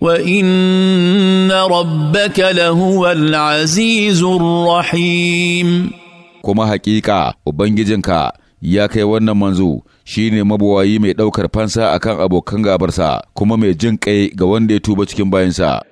وان ربك لهو العزيز الرحيم kuma haƙiƙa ubangijinka ya kai wannan manzo shine mabuwayi mai ɗaukar fansa akan abokan gabarsa kuma mai jin ƙai ga wanda ya tuba cikin bayansa